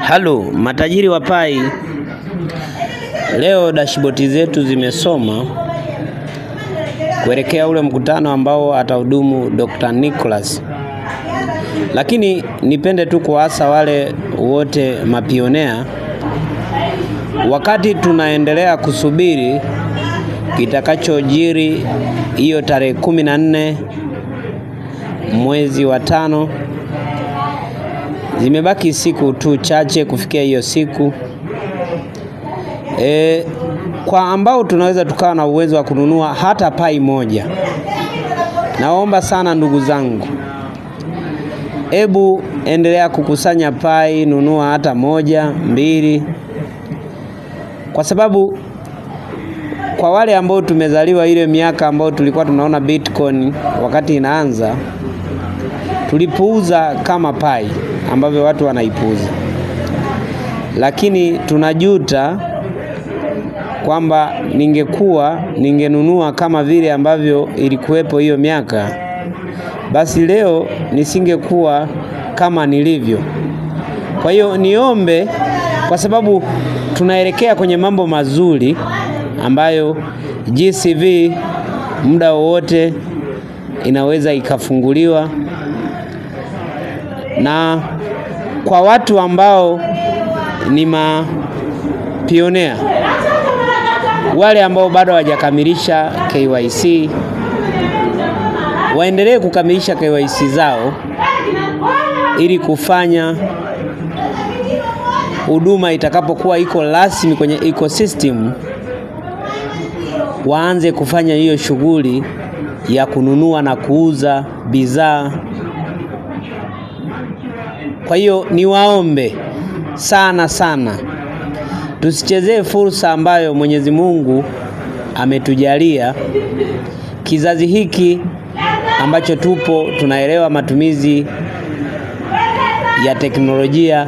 Halo matajiri wa pai, leo dashboard zetu zimesoma kuelekea ule mkutano ambao atahudumu Dr. Nicholas, lakini nipende tu kuwaasa wale wote mapionea, wakati tunaendelea kusubiri kitakachojiri hiyo tarehe kumi na nne mwezi wa tano Zimebaki siku tu chache kufikia hiyo siku. E, kwa ambao tunaweza tukawa na uwezo wa kununua hata pai moja, naomba sana ndugu zangu, ebu endelea kukusanya pai, nunua hata moja mbili, kwa sababu kwa wale ambao tumezaliwa ile miaka ambao tulikuwa tunaona Bitcoin wakati inaanza, tulipuuza kama pai ambavyo watu wanaipuuza, lakini tunajuta kwamba ningekuwa ningenunua kama vile ambavyo ilikuwepo hiyo miaka, basi leo nisingekuwa kama nilivyo. Kwa hiyo niombe, kwa sababu tunaelekea kwenye mambo mazuri ambayo GCV muda wowote inaweza ikafunguliwa na kwa watu ambao ni mapionea wale ambao bado hawajakamilisha KYC waendelee kukamilisha KYC zao ili kufanya huduma itakapokuwa iko rasmi kwenye ecosystem, waanze kufanya hiyo shughuli ya kununua na kuuza bidhaa kwa hiyo niwaombe sana sana tusichezee fursa ambayo Mwenyezi Mungu ametujalia kizazi hiki ambacho tupo, tunaelewa matumizi ya teknolojia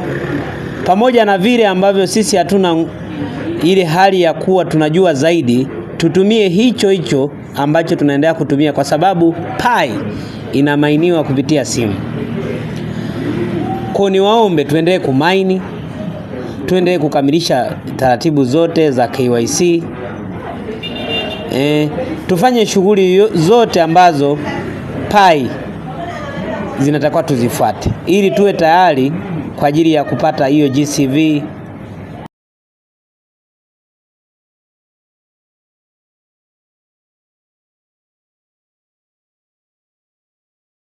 pamoja na vile ambavyo sisi hatuna ile hali ya kuwa tunajua zaidi, tutumie hicho hicho ambacho tunaendelea kutumia, kwa sababu pai inamainiwa kupitia simu. Kwa waombe tuendelee kumaini, tuendelee kukamilisha taratibu zote za KYC. E, eh, tufanye shughuli zote ambazo pai zinatakiwa tuzifuate ili tuwe tayari kwa ajili ya kupata hiyo GCV.